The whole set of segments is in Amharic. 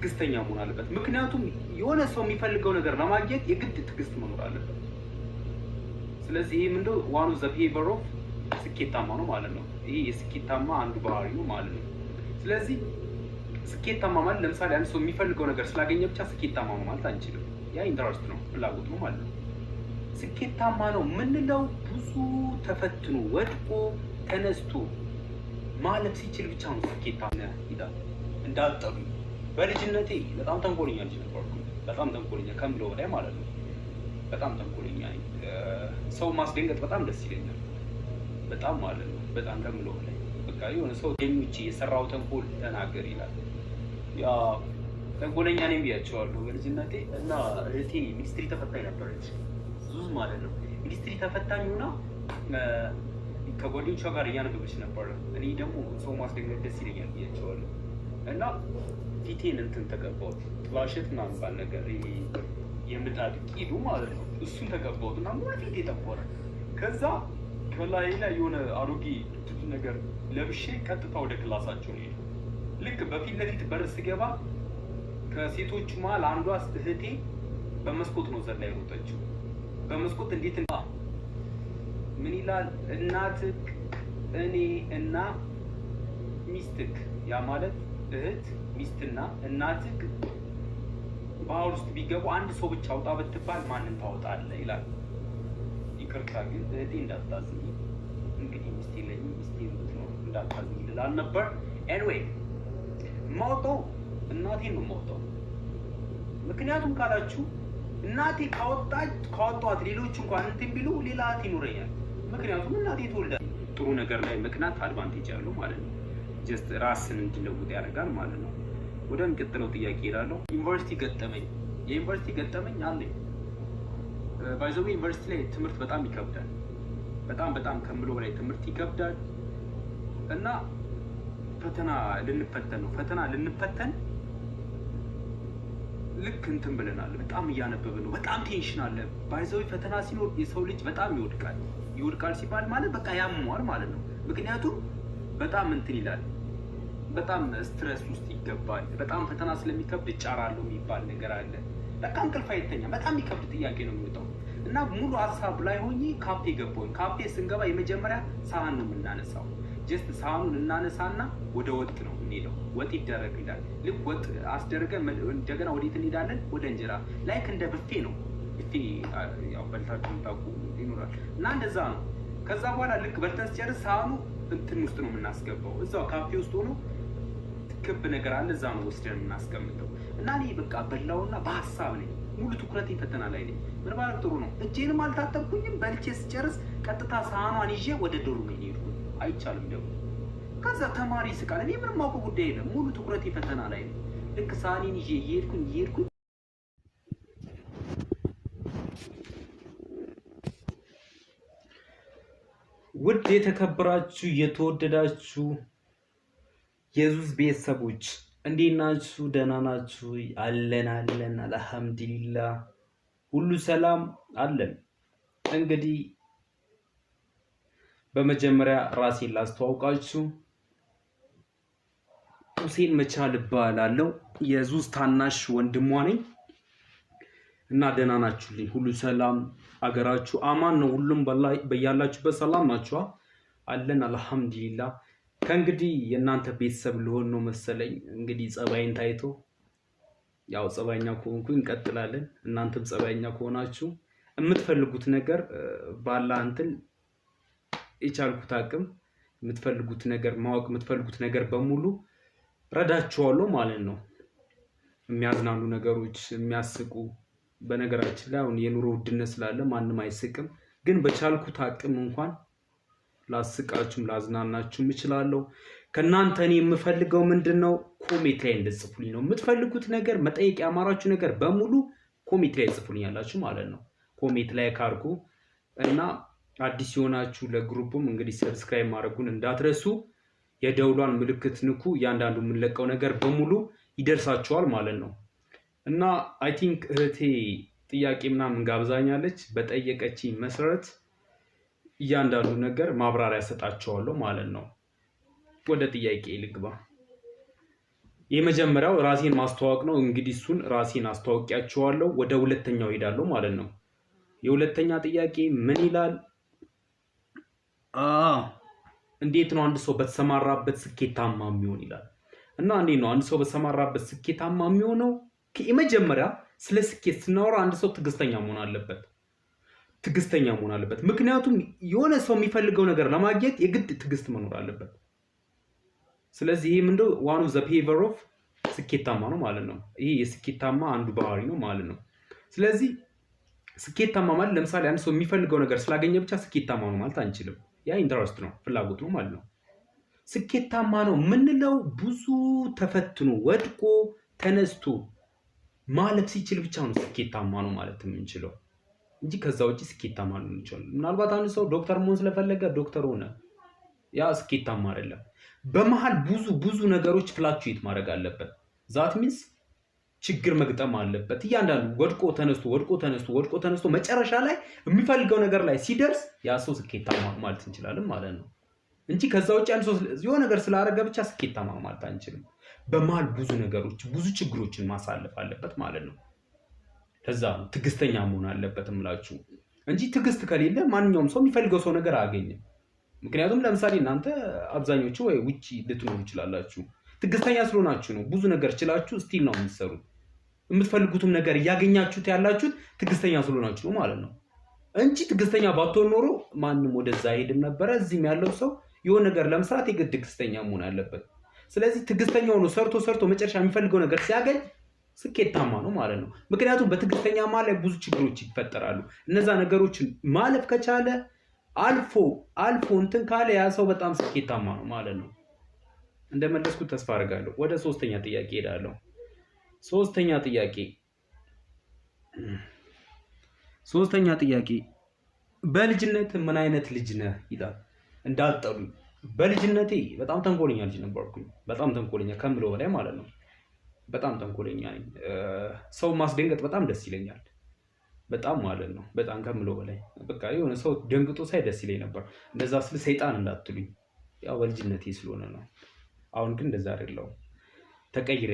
ትዕግስተኛ መሆን አለበት። ምክንያቱም የሆነ ሰው የሚፈልገው ነገር ለማግኘት የግድ ትዕግስት መኖር አለበት። ስለዚህ ይህ ምንድ ዋኑ ዘፌቨር ኦፍ ስኬታማ ነው ማለት ነው። ይህ የስኬታማ አንዱ ባህሪ ነው ማለት ነው። ስለዚህ ስኬታማ ማለት ለምሳሌ አንድ ሰው የሚፈልገው ነገር ስላገኘ ብቻ ስኬታማ ማለት አንችልም። ያ ኢንተረስት ነው ፍላጎት ነው ማለት ነው። ስኬታማ ነው ምንለው ብዙ ተፈትኖ ወድቆ ተነስቶ ማለፍ ሲችል ብቻ ነው ስኬታ ይላል እንዳጠሉ በልጅነቴ በጣም ተንኮለኛ ልጅ ነበርኩ። በጣም ተንኮለኛ ከምለው በላይ ማለት ነው። በጣም ተንኮለኛ ሰው ማስደንገጥ በጣም ደስ ይለኛል። በጣም ማለት ነው። በጣም ከምለው በላይ በቃ የሆነ ሰው ገኞቼ የሰራው ተንኮል ተናገር ይላል። ያ ተንኮለኛ እኔም ብያቸዋለሁ በልጅነቴ እና እህቴ ሚኒስትሪ ተፈታኝ ነበረች። ዙዝ ማለት ነው ሚኒስትሪ ተፈታኝ ሆና ከጓደኞቿ ጋር እያነበበች ነበረ። እኔ ደግሞ ሰው ማስደንገጥ ደስ ይለኛል ብያቸዋለሁ እና ፊቴን እንትን ተቀባሁት ጥላሸት ምናምን ባል ነገር የምጣድ ቂዱ ማለት ነው። እሱን ተቀባሁት እና ሙሉ ፊቴ ጠቆረ። ከዛ ከላይ ላይ የሆነ አሮጌ ነገር ለብሼ ቀጥታ ወደ ክላሳቸው ነው የሄድኩት። ልክ በፊት ለፊት በር ስገባ ከሴቶቹ መሀል አንዷ እህቴ በመስኮት ነው ዘላ የሮጠችው። በመስኮት እንዴት እና ምን ይላል እናትክ እኔ እና ሚስትክ ያ ማለት እህት፣ ሚስትና እናትህ ባህር ውስጥ ቢገቡ አንድ ሰው ብቻ አውጣ ብትባል ማንን ታወጣለህ ይላል። ይቅርታ ግን እህቴ እንዳታዝኝ፣ እንግዲህ ሚስቴ ለኝ ሚስቴ ብትኖር እንዳታዝኝ ይልላል ነበር። ኤንዌይ ማውጣው እናቴን ነው ማውጣው። ምክንያቱም ካላችሁ እናቴ ካወጣት ሌሎች እንኳን እንትን ቢሉ ሌላ እህት ይኖረኛል። ምክንያቱም እናቴ ትወልዳለች። ጥሩ ነገር ላይ መቅናት አድቫንቴጅ ያለው ማለት ነው። ጀስት ራስን እንዲለውጥ ያደርጋል ማለት ነው። ወደሚቀጥለው ጥያቄ ይላለው። ዩኒቨርሲቲ ገጠመኝ የዩኒቨርሲቲ ገጠመኝ አለኝ። ባይዘዌ ዩኒቨርሲቲ ላይ ትምህርት በጣም ይከብዳል። በጣም በጣም ከምሎ በላይ ትምህርት ይከብዳል እና ፈተና ልንፈተን ነው። ፈተና ልንፈተን ልክ እንትን ብለናል። በጣም እያነበብን ነው። በጣም ቴንሽን አለ። ባይዘዌ ፈተና ሲኖር የሰው ልጅ በጣም ይወድቃል። ይወድቃል ሲባል ማለት በቃ ያመዋል ማለት ነው። ምክንያቱም በጣም እንትን ይላል በጣም ስትረስ ውስጥ ይገባል፣ በጣም ፈተና ስለሚከብድ ይጫራሉ የሚባል ነገር አለ። በቃ እንቅልፍ አይተኛ፣ በጣም የሚከብድ ጥያቄ ነው የሚወጣው እና ሙሉ ሀሳብ ላይ ሆኜ ካፌ ገባሁኝ። ካፌ ስንገባ የመጀመሪያ ሳህን ነው የምናነሳው። ጀስት ሳህኑን እናነሳና ወደ ወጥ ነው የምንሄደው። ወጥ ይደረግ ልክ ወጥ አስደርገን እንደገና ወዴት እንሄዳለን? ወደ እንጀራ። ላይክ እንደ ብፌ ነው። ብፌ ያው በልታችሁ ታውቁ ይኖራል እና እንደዛ ነው። ከዛ በኋላ ልክ በልተን ስጨርስ ሳህኑ እንትን ውስጥ ነው የምናስገባው። እዛው ካፌ ውስጥ ሆኖ ክብ ነገር አለ። እዛ ነው ወስደን የምናስቀምጠው እና እኔ በቃ በላውና በሀሳብ ነኝ። ሙሉ ትኩረት ፈተና ላይ ነኝ። ምን ጥሩ ነው። እጄንም አልታጠብኩኝም። በልቼ ስጨርስ ቀጥታ ሳህኗን ይዤ ወደ ዶርሜ ሄድኩኝ። አይቻልም ደግሞ ከዛ ተማሪ ስቃል። እኔ ምንም አውቀው ጉዳይ የለም። ሙሉ ትኩረት ፈተና ላይ ልክ ሳህኔን ይዤ እየሄድኩኝ እየሄድኩኝ ውድ የተከበራችሁ የተወደዳችሁ የሱስ ቤተሰቦች እንዴት ናችሁ? ደህና ናችሁ? አለን አለን፣ አልሐምዱሊላ ሁሉ ሰላም አለን። እንግዲህ በመጀመሪያ ራሴን ላስተዋውቃችሁ። ሁሴን መቻል እባላለሁ። የዙስ ታናሽ ወንድሟ ነኝ እና ደህና ናችሁልኝ? ሁሉ ሰላም፣ አገራችሁ አማን ነው? ሁሉም በያላችሁበት ሰላም ናችኋ? አለን አልሐምዱሊላህ ከእንግዲህ የእናንተ ቤተሰብ ልሆን ነው መሰለኝ። እንግዲህ ጸባይን ታይቶ ያው ጸባይኛ ከሆንኩ እንቀጥላለን። እናንተም ጸባይኛ ከሆናችሁ የምትፈልጉት ነገር ባላ እንትን የቻልኩት አቅም የምትፈልጉት ነገር ማወቅ የምትፈልጉት ነገር በሙሉ ረዳችኋለሁ ማለት ነው። የሚያዝናኑ ነገሮች የሚያስቁ። በነገራችን ላይ አሁን የኑሮ ውድነት ስላለ ማንም አይስቅም፣ ግን በቻልኩት አቅም እንኳን ላስቃችሁም ላዝናናችሁም እችላለሁ። ከእናንተ እኔ የምፈልገው ምንድን ነው? ላይ እንድጽፉልኝ ነው የምትፈልጉት ነገር፣ መጠየቅ ያማራችሁ ነገር በሙሉ ኮሜት ላይ ጽፉልኝ ያላችሁ ማለት ነው። ኮሜት ላይ ካርጉ እና አዲስ የሆናችሁ ለግሩፕም እንግዲህ ሰብስክራይብ ማድረጉን እንዳትረሱ። የደውሏን ምልክት ንኩ። እያንዳንዱ የምንለቀው ነገር በሙሉ ይደርሳችኋል ማለት ነው እና አይ ቲንክ እህቴ ጥያቄ ምናምን ጋብዛኛለች። በጠየቀችኝ መሰረት እያንዳንዱ ነገር ማብራሪያ ሰጣቸዋለሁ ማለት ነው። ወደ ጥያቄ ልግባ። የመጀመሪያው ራሴን ማስተዋወቅ ነው። እንግዲህ እሱን ራሴን አስተዋውቂያቸዋለሁ። ወደ ሁለተኛው ሄዳለሁ ማለት ነው። የሁለተኛ ጥያቄ ምን ይላል? እንዴት ነው አንድ ሰው በተሰማራበት ስኬታማ የሚሆን ይላል እና እንዴት ነው አንድ ሰው በተሰማራበት ስኬታማ የሚሆነው? የመጀመሪያ ስለ ስኬት ስናወራ አንድ ሰው ትዕግስተኛ መሆን አለበት። ትግስተኛ መሆን አለበት። ምክንያቱም የሆነ ሰው የሚፈልገው ነገር ለማግኘት የግድ ትግስት መኖር አለበት። ስለዚህ ይህ ምንድን ዋኑ ዘ ፔቨር ኦፍ ስኬታማ ነው ማለት ነው። ይህ የስኬታማ አንዱ ባህሪ ነው ማለት ነው። ስለዚህ ስኬታማ ማለት ለምሳሌ አንድ ሰው የሚፈልገው ነገር ስላገኘ ብቻ ስኬታማ ነው ማለት አንችልም። ያ ኢንተረስት ነው ፍላጎት ነው ማለት ነው። ስኬታማ ነው የምንለው ብዙ ተፈትኖ ወድቆ ተነስቶ ማለፍ ሲችል ብቻ ነው ስኬታማ ነው ማለት የምንችለው። እንጂ ከዛ ውጭ ስኬታማ ልሆን ይችላል። ምናልባት አንድ ሰው ዶክተር መሆን ስለፈለገ ዶክተር ሆነ፣ ያ ስኬታማ አይደለም። በመሀል ብዙ ብዙ ነገሮች ፍላክቹዌት ማድረግ አለበት። ዛት ሚንስ ችግር መግጠም አለበት። እያንዳንዱ ወድቆ ተነስቶ ወድቆ ተነስቶ ወድቆ ተነስቶ መጨረሻ ላይ የሚፈልገው ነገር ላይ ሲደርስ ያ ሰው ስኬታማ ማለት እንችላለን ማለት ነው እንጂ ከዛ ውጭ አንድ ሰው የሆነ ነገር ስላደረገ ብቻ ስኬታማ ማለት አንችልም። በመሀል ብዙ ነገሮች ብዙ ችግሮችን ማሳለፍ አለበት ማለት ነው። ከዛ ነው መሆን አለበት ምላችሁ እንጂ ትግስት ከሌለ ማንኛውም ሰው የሚፈልገው ሰው ነገር አያገኝም። ምክንያቱም ለምሳሌ እናንተ አብዛኞቹ ወይ ውጭ ልትኖሩ ይችላላችሁ። ትግስተኛ ስለሆናችሁ ነው ብዙ ነገር ችላችሁ ስቲል ነው የምትሰሩት። የምትፈልጉትም ነገር እያገኛችሁት ያላችሁት ትግስተኛ ስለሆናችሁ ነው ማለት ነው እንጂ ትግስተኛ ባትሆን ኖሮ ማንም ወደዛ አይሄድም ነበረ። እዚህም ያለው ሰው የሆነ ነገር ለመስራት የግድ ትግስተኛ መሆን አለበት። ስለዚህ ትግስተኛ ሆኖ ሰርቶ ሰርቶ መጨረሻ የሚፈልገው ነገር ሲያገኝ ስኬታማ ነው ማለት ነው። ምክንያቱም በትዕግስተኛማ ላይ ብዙ ችግሮች ይፈጠራሉ። እነዛ ነገሮችን ማለፍ ከቻለ አልፎ አልፎ እንትን ካለ ያ ሰው በጣም ስኬታማ ነው ማለት ነው። እንደመለስኩት ተስፋ አድርጋለሁ። ወደ ሶስተኛ ጥያቄ ሄዳለሁ። ሶስተኛ ጥያቄ ሶስተኛ ጥያቄ በልጅነት ምን አይነት ልጅ ነህ ይላል። እንዳትጠሉኝ። በልጅነቴ በጣም ተንኮለኛ ልጅ ነበርኩኝ። በጣም ተንኮለኛ ከምለው በላይ ማለት ነው። በጣም ተንኮለኛ ነኝ። ሰው ማስደንገጥ በጣም ደስ ይለኛል። በጣም ማለት ነው፣ በጣም ከምሎ በላይ በቃ የሆነ ሰው ደንግጦ ሳይ ደስ ይለኝ ነበር። እንደዛ ስል ሰይጣን እንዳትሉኝ፣ ያው በልጅነቴ ስለሆነ ነው። አሁን ግን እንደዛ አይደለሁም፣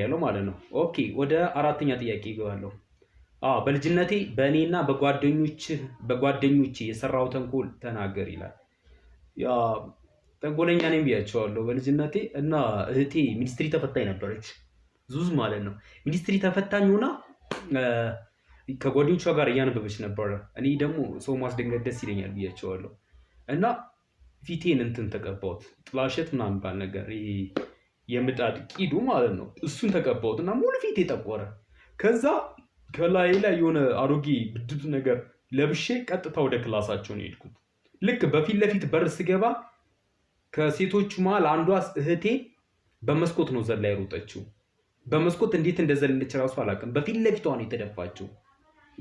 ያለው ማለት ነው። ኦኬ፣ ወደ አራተኛ ጥያቄ ይገባለሁ። በልጅነቴ በእኔና በጓደኞች የሰራው ተንኮል ተናገር ይላል። ያ ተንኮለኛ ነኝ ብያቸዋለሁ በልጅነቴ እና እህቴ ሚኒስትሪ ተፈታኝ ነበረች። ዙዝ ማለት ነው። ሚኒስትሪ ተፈታኝ ሆና ከጓደኞቿ ጋር እያነበበች ነበረ። እኔ ደግሞ ሰው ማስደንገጥ ደስ ይለኛል ብያቸዋለሁ እና ፊቴን እንትን ተቀባሁት፣ ጥላሸት ምናምን ባል ነገር የምጣድ ቂዱ ማለት ነው። እሱን ተቀባሁት እና ሙሉ ፊቴ ጠቆረ። ከዛ ከላይ ላይ የሆነ አሮጌ ብድብ ነገር ለብሼ ቀጥታ ወደ ክላሳቸውን ሄድኩት። ልክ በፊት ለፊት በር ስገባ ከሴቶቹ መሀል አንዷ እህቴ በመስኮት ነው ዘላ የሮጠችው። በመስኮት እንዴት እንደዘለለች እራሱ አላውቅም። በፊት ለፊቷ ነው የተደፋችው።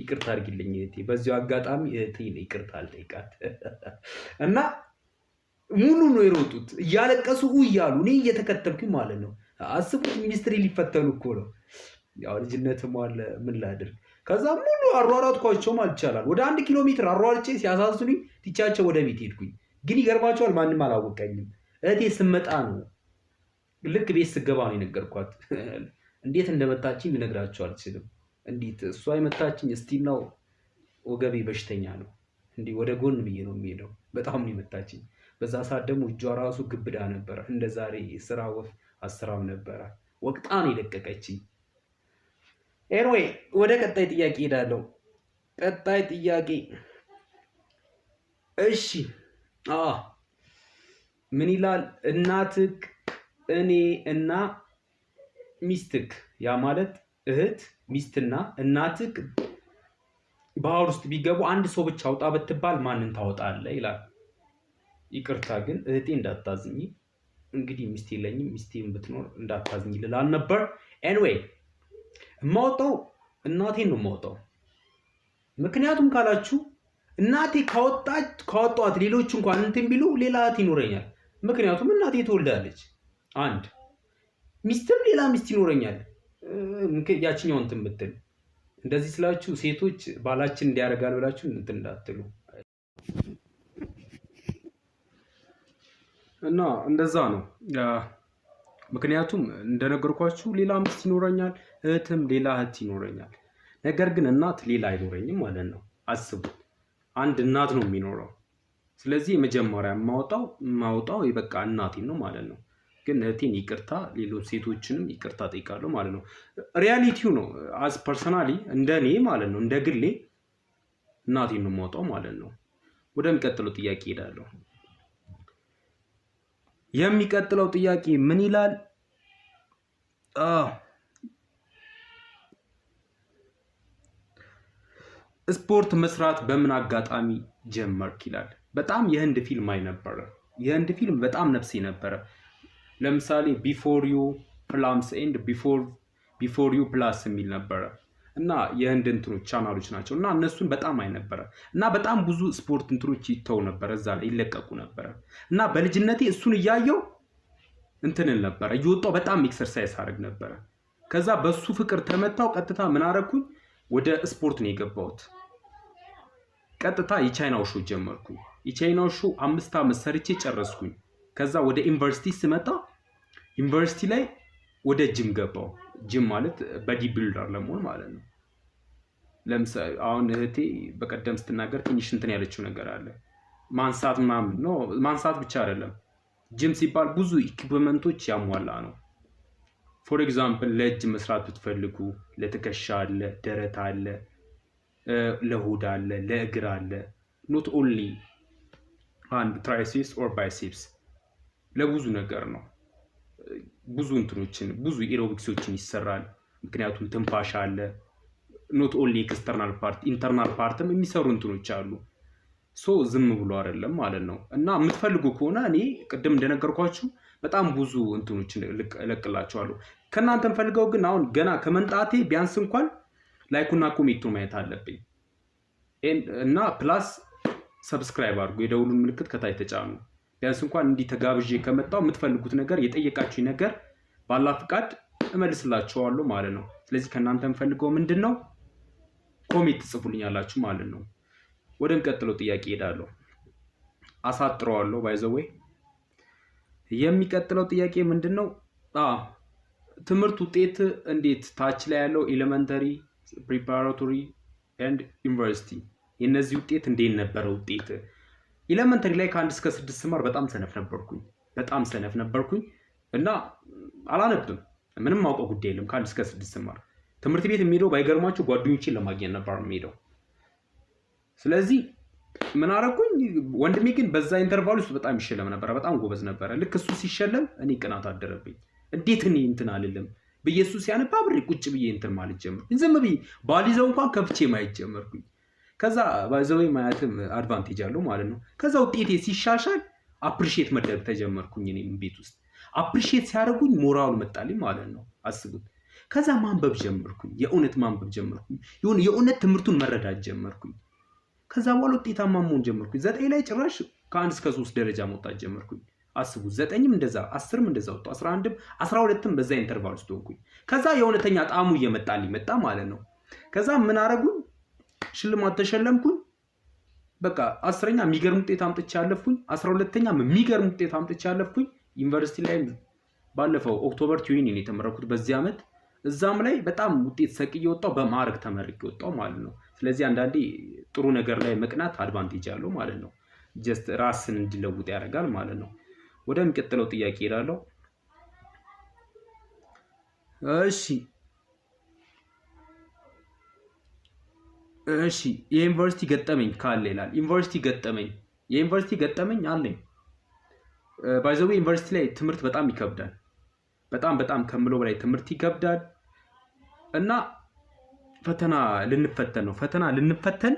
ይቅርታ አድርጊልኝ እህቴ፣ በዚሁ አጋጣሚ እህቴ ይቅርታ አልጠይቃት እና ሙሉ ነው የሮጡት እያለቀሱ እያሉ እኔ እየተከተልኩኝ ማለት ነው። አስቡት ሚኒስትሪ ሊፈተኑ እኮ ነው። ያው ልጅነትም አለ ምን ላድርግ። ከዛ ሙሉ አሯሯጥኳቸውም አልቻላል። ወደ አንድ ኪሎ ሜትር አሯርጬ ሲያሳዝኑኝ ትቻቸው ወደ ቤት ሄድኩኝ። ግን ይገርማቸዋል፣ ማንም አላወቀኝም። እህቴ ስመጣ ነው ልክ ቤት ስገባ ነው የነገርኳት። እንዴት እንደመታችኝ ልነግራቸው አልችልም። እንዴት እሷ የመታችኝ እስቲናው ወገቤ በሽተኛ ነው። እንዲህ ወደ ጎን ብዬ ነው የሚሄደው። በጣም ነው የመታችኝ። በዛ ሰዓት ደግሞ እጇ ራሱ ግብዳ ነበረ። እንደ ዛሬ ስራ ወፍ አስራም ነበረ። ወቅጣ ነው የለቀቀችኝ። ኤንዌይ ወደ ቀጣይ ጥያቄ ሄዳለሁ። ቀጣይ ጥያቄ እሺ፣ ምን ይላል እናትህ እኔ እና ሚስትክ ያ ማለት እህት ሚስትና እናትክ ባህር ውስጥ ቢገቡ አንድ ሰው ብቻ አውጣ ብትባል ማንን ታወጣለህ ይላል። ይቅርታ ግን እህቴ እንዳታዝኝ፣ እንግዲህ ሚስት የለኝም፣ ሚስቴን ብትኖር እንዳታዝኝ ልላል ነበር። ኤንዌይ የማወጣው እናቴን ነው የማወጣው። ምክንያቱም ካላችሁ እናቴ ካወጣት ሌሎች እንኳን እንትን ቢሉ ሌላ እህት ይኖረኛል። ምክንያቱም እናቴ ትወልዳለች። አንድ ሚስትም ሌላ ሚስት ይኖረኛል ያችኛው እንትን ብትል እንደዚህ ስላችሁ ሴቶች ባላችን እንዲያደርጋል ብላችሁ እንትን እንዳትሉ እና እንደዛ ነው። ምክንያቱም እንደነገርኳችሁ ሌላ ሚስት ይኖረኛል፣ እህትም ሌላ እህት ይኖረኛል። ነገር ግን እናት ሌላ አይኖረኝም ማለት ነው። አስቡ፣ አንድ እናት ነው የሚኖረው። ስለዚህ የመጀመሪያ የማወጣው የማወጣው በቃ እናቴን ነው ማለት ነው። ግን እህቴን ይቅርታ፣ ሌሎች ሴቶችንም ይቅርታ ጠይቃለሁ ማለት ነው። ሪያሊቲው ነው። አዝ ፐርሰናሊ እንደ እኔ ማለት ነው እንደ ግሌ እናቴን ነው የማውጣው ማለት ነው። ወደሚቀጥለው ጥያቄ ሄዳለሁ። የሚቀጥለው ጥያቄ ምን ይላል? ስፖርት መስራት በምን አጋጣሚ ጀመርክ? ይላል። በጣም የህንድ ፊልም አይ ነበረ። የህንድ ፊልም በጣም ነፍሴ ነበረ። ለምሳሌ ቢፎር ዩ ፕላምስ ኤንድ ቢፎር ዩ ፕላስ የሚል ነበረ እና የህንድ እንትኖች ቻናሎች ናቸው እና እነሱን በጣም አይ ነበረ እና በጣም ብዙ ስፖርት እንትኖች ይተው ነበረ እዛ ላይ ይለቀቁ ነበረ እና በልጅነቴ እሱን እያየው እንትንን ነበረ እየወጣው በጣም ኤክሰርሳይዝ አድርግ ነበረ። ከዛ በሱ ፍቅር ተመታው። ቀጥታ ምን አረግኩኝ? ወደ ስፖርት ነው የገባሁት። ቀጥታ የቻይናው ሾ ጀመርኩኝ። የቻይናው ሾ አምስት ዓመት ሰርቼ ጨረስኩኝ። ከዛ ወደ ዩኒቨርሲቲ ስመጣ ዩኒቨርሲቲ ላይ ወደ ጅም ገባው። ጅም ማለት በዲ ቢልደር ለመሆን ማለት ነው። ለምሳሌ አሁን እህቴ በቀደም ስትናገር ትንሽ እንትን ያለችው ነገር አለ ማንሳት ምናምን ነው። ማንሳት ብቻ አይደለም፣ ጅም ሲባል ብዙ ኢኩፕመንቶች ያሟላ ነው። ፎር ኤግዛምፕል ለእጅ መስራት ብትፈልጉ ለትከሻ አለ፣ ደረት አለ፣ ለሆድ አለ፣ ለእግር አለ። ኖት ኦንሊ አንድ ትራይሴፕስ ኦር ባይሴፕስ ለብዙ ነገር ነው። ብዙ እንትኖችን ብዙ ኤሮቢክሶችን ይሰራል። ምክንያቱም ትንፋሽ አለ። ኖት ኦንሊ ኤክስተርናል ፓርት ኢንተርናል ፓርትም የሚሰሩ እንትኖች አሉ። ሶ ዝም ብሎ አይደለም ማለት ነው። እና የምትፈልጉ ከሆነ እኔ ቅድም እንደነገርኳችሁ በጣም ብዙ እንትኖችን እለቅላችኋለሁ። ከእናንተ ፈልገው ግን አሁን ገና ከመንጣቴ ቢያንስ እንኳን ላይኩና ኮሜንቱ ማየት አለብኝ እና ፕላስ ሰብስክራይብ አድርጉ። የደውሉን ምልክት ከታች ተጫኑ። ቢያንስ እንኳን እንዲህ ተጋብዤ ከመጣው የምትፈልጉት ነገር የጠየቃችሁ ነገር ባላ ፍቃድ እመልስላችኋለሁ ማለት ነው። ስለዚህ ከእናንተ የምፈልገው ምንድን ነው? ትጽፉልኝ ትጽፉልኛላችሁ ማለት ነው። ወደሚቀጥለው ጥያቄ ሄዳለሁ። አሳጥረዋለሁ። ባይዘወይ የሚቀጥለው ጥያቄ ምንድን ነው? ትምህርት ውጤት እንዴት ታች ላይ ያለው ኤሌመንተሪ፣ ፕሪፓራቶሪ ኤንድ ዩኒቨርሲቲ የእነዚህ ውጤት እንዴት ነበረ ውጤት ኢለመንተሪ ላይ ከአንድ እስከ ስድስት ስማር በጣም ሰነፍ ነበርኩኝ። በጣም ሰነፍ ነበርኩኝ እና አላነብም። ምንም ማውቀው ጉዳይ የለም። ከአንድ እስከ ስድስት ስማር ትምህርት ቤት የሚሄደው ባይገርማቸው ጓደኞችን ለማግኘት ነበር የሚሄደው። ስለዚህ ምን አረኩኝ? ወንድሜ ግን በዛ ኢንተርቫል ውስጥ በጣም ይሸለም ነበረ። በጣም ጎበዝ ነበረ። ልክ እሱ ሲሸለም እኔ ቅናት አደረብኝ። እንዴት እኔ እንትን አልልም ብዬ እሱ ሲያነብ አብሬ ቁጭ ብዬ እንትን ማለት ጀመርኩኝ። ዝም ብዬ ባሊዘው እንኳን ከፍቼ ማየት ጀመርኩኝ። ከዛ ባይዘወይ ማያትም አድቫንቴጅ አለው ማለት ነው። ከዛ ውጤቴ ሲሻሻል አፕሪሼት መደረግ ተጀመርኩኝ። እኔም ቤት ውስጥ አፕሪሼት ሲያደርጉኝ ሞራሉ መጣልኝ ማለት ነው። አስቡት። ከዛ ማንበብ ጀመርኩኝ። የእውነት ማንበብ ጀመርኩኝ። የእውነት ትምህርቱን መረዳት ጀመርኩኝ። ከዛ በኋላ ውጤታማ መሆን ጀመርኩኝ። ዘጠኝ ላይ ጭራሽ ከአንድ እስከ ሶስት ደረጃ መውጣት ጀመርኩኝ። አስቡ ዘጠኝም እንደዛ፣ አስርም እንደዛ ወጡ አስራ አንድም አስራ ሁለትም በዛ ኢንተርቫል ውስጥ ሆንኩኝ። ከዛ የእውነተኛ ጣዕሙ እየመጣልኝ መጣ ማለት ነው። ከዛ ምን አረጉ ሽልማት ተሸለምኩኝ። በቃ አስረኛ የሚገርም ውጤት አምጥቼ ያለፍኩኝ፣ አስራ ሁለተኛ የሚገርም ውጤት አምጥቼ ያለፍኩኝ። ዩኒቨርሲቲ ላይ ባለፈው ኦክቶበር ቲዩኒን የተመረኩት በዚህ ዓመት እዛም ላይ በጣም ውጤት ሰቅ የወጣው በማዕረግ ተመርቅ የወጣው ማለት ነው። ስለዚህ አንዳንዴ ጥሩ ነገር ላይ መቅናት አድቫንቴጅ አለው ማለት ነው። ጀስት ራስን እንዲለውጥ ያደርጋል ማለት ነው። ወደሚቀጥለው ጥያቄ እሄዳለሁ። እሺ እሺ የዩኒቨርሲቲ ገጠመኝ ካለ ይላል። ዩኒቨርሲቲ ገጠመኝ የዩኒቨርሲቲ ገጠመኝ አለኝ። ባይዘዌ ዩኒቨርሲቲ ላይ ትምህርት በጣም ይከብዳል። በጣም በጣም ከምሎ በላይ ትምህርት ይከብዳል እና ፈተና ልንፈተን ነው። ፈተና ልንፈተን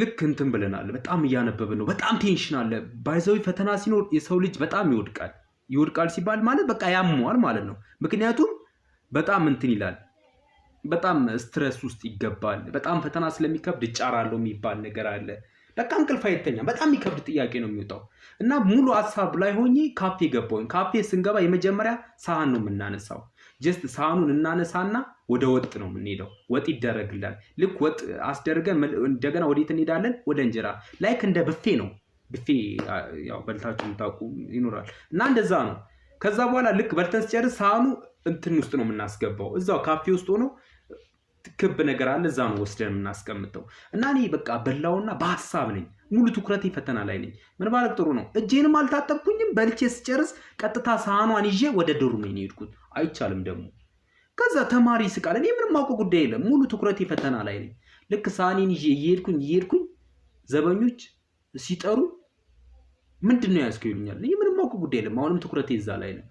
ልክ እንትን ብለናል። በጣም እያነበብን ነው። በጣም ቴንሽን አለ። ባይዘዊ ፈተና ሲኖር የሰው ልጅ በጣም ይወድቃል። ይወድቃል ሲባል ማለት በቃ ያመዋል ማለት ነው። ምክንያቱም በጣም እንትን ይላል በጣም ስትረስ ውስጥ ይገባል። በጣም ፈተና ስለሚከብድ እጫራለሁ የሚባል ነገር አለ። በቃ እንቅልፍ አይተኛም። በጣም የሚከብድ ጥያቄ ነው የሚወጣው እና ሙሉ ሀሳብ ላይ ሆኜ ካፌ ገባሁኝ። ካፌ ስንገባ የመጀመሪያ ሳህን ነው የምናነሳው። ጀስት ሳህኑን እናነሳና ወደ ወጥ ነው የምንሄደው። ወጥ ይደረግላል። ልክ ወጥ አስደርገን እንደገና ወዴት እንሄዳለን? ወደ እንጀራ። ላይክ እንደ ብፌ ነው። ብፌ ያው በልታችሁ የምታውቁ ይኖራል እና እንደዛ ነው። ከዛ በኋላ ልክ በልተን ስጨርስ ሳህኑ እንትን ውስጥ ነው የምናስገባው። እዛው ካፌ ውስጥ ሆኖ ክብ ነገር አለ። እዛ ነው ወስደን የምናስቀምጠው። እና እኔ በቃ በላውና በሀሳብ ነኝ፣ ሙሉ ትኩረቴ ፈተና ላይ ነኝ። ምን ባለቅ ጥሩ ነው። እጄንም አልታጠብኩኝም። በልቼ ስጨርስ ቀጥታ ሳህኗን ይዤ ወደ ዶርሜ ነው የሄድኩት። አይቻልም ደግሞ ከዛ ተማሪ ስቃል። እኔ ምንም አውቀው ጉዳይ የለም። ሙሉ ትኩረቴ ፈተና ላይ ነኝ። ልክ ሳህኔን ይዤ እየሄድኩኝ እየሄድኩኝ ዘበኞች ሲጠሩ ምንድን ነው ያዝከው ይሉኛል። ምንም አውቀው ጉዳይ የለም። አሁንም ትኩረቴ እዛ ላይ ነው።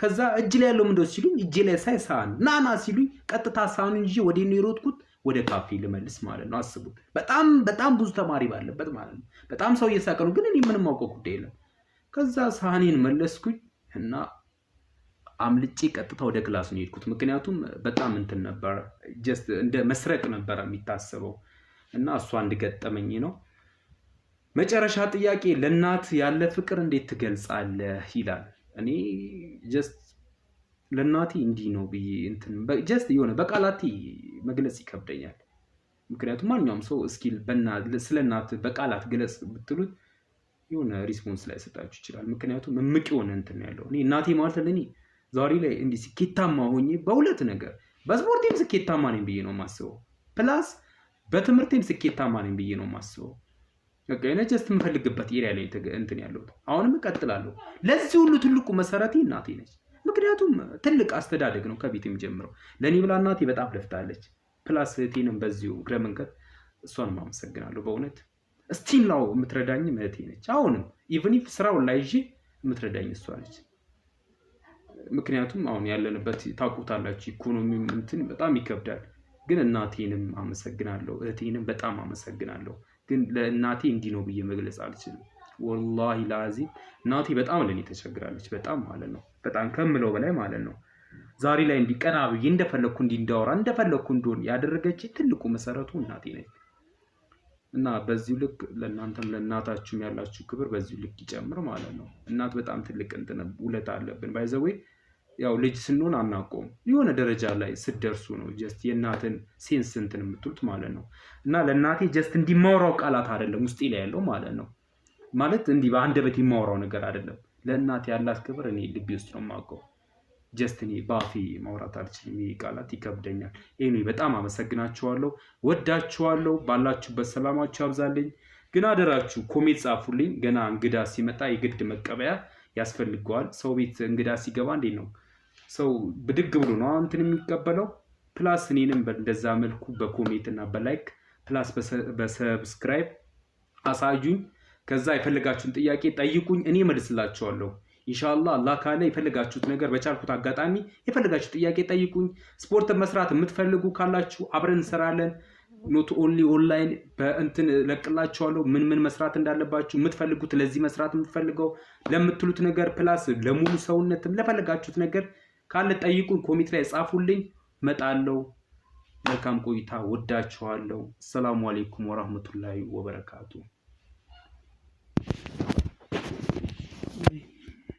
ከዛ እጅ ላይ ያለው ምንድነው ሲሉኝ፣ እጅ ላይ ሳይ ሳህን ናና ሲሉኝ ቀጥታ ሳህኑን እንጂ ወደ ነው የሮጥኩት ወደ ካፌ ልመልስ ማለት ነው። አስቡት። በጣም በጣም ብዙ ተማሪ ባለበት ማለት ነው። በጣም ሰው እየሳቀ ነው፣ ግን እኔ ምንም አውቀው ጉዳይ የለም። ከዛ ሳህኔን መለስኩኝ እና አምልጬ ቀጥታ ወደ ክላስ ነው የሄድኩት። ምክንያቱም በጣም እንትን ነበረ፣ ጀስት እንደ መስረቅ ነበር የሚታሰበው እና እሱ አንድ ገጠመኝ ነው። መጨረሻ ጥያቄ፣ ለእናት ያለ ፍቅር እንዴት ትገልጻለህ ይላል። እኔ ጀስት ለእናቴ እንዲህ ነው ብዬ እንትን ጀስት የሆነ በቃላቴ መግለጽ ይከብደኛል። ምክንያቱም ማንኛውም ሰው እስኪል ስለ እናት በቃላት ግለጽ ብትሉት የሆነ ሪስፖንስ ላይ ሰጣችሁ ይችላል። ምክንያቱም እምቅ የሆነ እንትን ያለው እኔ እናቴ ማለት ለእኔ ዛሬ ላይ እንዲህ ስኬታማ ሆኜ በሁለት ነገር በስፖርቴም ስኬታማ ነኝ ብዬ ነው የማስበው። ፕላስ በትምህርቴም ስኬታማ ነኝ ብዬ ነው የማስበው። በቃ ጀስት የምፈልግበት ኤሪያ ላይ እንትን ያለሁት አሁንም እቀጥላለሁ። ለዚህ ሁሉ ትልቁ መሰረቴ እናቴ ነች። ምክንያቱም ትልቅ አስተዳደግ ነው ከቤት የሚጀምረው። ለእኔ ብላ እናቴ በጣም ለፍታለች። ፕላስ እህቴንም በዚሁ እግረ መንገድ እሷንም አመሰግናለሁ በእውነት እስቲል ላው የምትረዳኝ እህቴ ነች። አሁንም ኢቨን ኢፍ ስራውን ላይ ይዤ የምትረዳኝ እሷ ነች። ምክንያቱም አሁን ያለንበት ታውቁታላችሁ፣ ኢኮኖሚ እንትን በጣም ይከብዳል። ግን እናቴንም አመሰግናለሁ፣ እህቴንም በጣም አመሰግናለሁ። ግን ለእናቴ እንዲህ ነው ብዬ መግለጽ አልችልም። ወላሂ ለአዚም እናቴ በጣም ለእኔ ተቸግራለች። በጣም ማለት ነው፣ በጣም ከምለው በላይ ማለት ነው። ዛሬ ላይ እንዲቀና ብዬ እንደፈለግኩ እንዲንዳወራ እንደፈለግኩ እንደሆን ያደረገች ትልቁ መሰረቱ እናቴ ነች። እና በዚሁ ልክ ለእናንተም ለእናታችሁም ያላችሁ ክብር በዚሁ ልክ ይጨምር ማለት ነው። እናት በጣም ትልቅ እንትን ውለታ አለብን ባይዘዌ ያው ልጅ ስንሆን አናውቀውም። የሆነ ደረጃ ላይ ስትደርሱ ነው ጀስት የእናትን ሴንስ እንትን የምትሉት ማለት ነው። እና ለእናቴ ጀስት እንዲማውራው ቃላት አይደለም ውስጤ ላይ ያለው ማለት ነው። ማለት እንዲህ በአንደበት የማውራው ነገር አይደለም። ለእናቴ ያላት ክብር እኔ ልቤ ውስጥ ነው የማውቀው። ጀስት እኔ በአፌ ማውራት አልችልም። ይህ ቃላት ይከብደኛል። ይህ በጣም አመሰግናችኋለሁ፣ ወዳችኋለሁ። ባላችሁበት ሰላማችሁ አብዛልኝ ግን አደራችሁ ኮሜት ጻፉልኝ። ገና እንግዳ ሲመጣ የግድ መቀበያ ያስፈልገዋል። ሰው ቤት እንግዳ ሲገባ እንዴት ነው ሰው ብድግ ብሎ ነው እንትን የሚቀበለው። ፕላስ እኔንም እንደዛ መልኩ በኮሜንት እና በላይክ ፕላስ በሰብስክራይብ አሳዩኝ። ከዛ የፈለጋችሁን ጥያቄ ጠይቁኝ፣ እኔ መልስላችኋለሁ። ኢንሻላ አላህ ካለ የፈለጋችሁት ነገር በቻልኩት አጋጣሚ የፈለጋችሁ ጥያቄ ጠይቁኝ። ስፖርት መስራት የምትፈልጉ ካላችሁ አብረን እንሰራለን። ኖት ኦንሊ ኦንላይን በእንትን ለቅላችኋለሁ። ምን ምን መስራት እንዳለባችሁ የምትፈልጉት ለዚህ መስራት የምትፈልገው ለምትሉት ነገር ፕላስ ለሙሉ ሰውነትም ለፈለጋችሁት ነገር ካለ ጠይቁን፣ ኮሚት ላይ ጻፉልኝ፣ መጣለው። መልካም ቆይታ፣ ወዳችኋለሁ። አሰላሙ አሌይኩም ወራህመቱላሂ ወበረካቱ።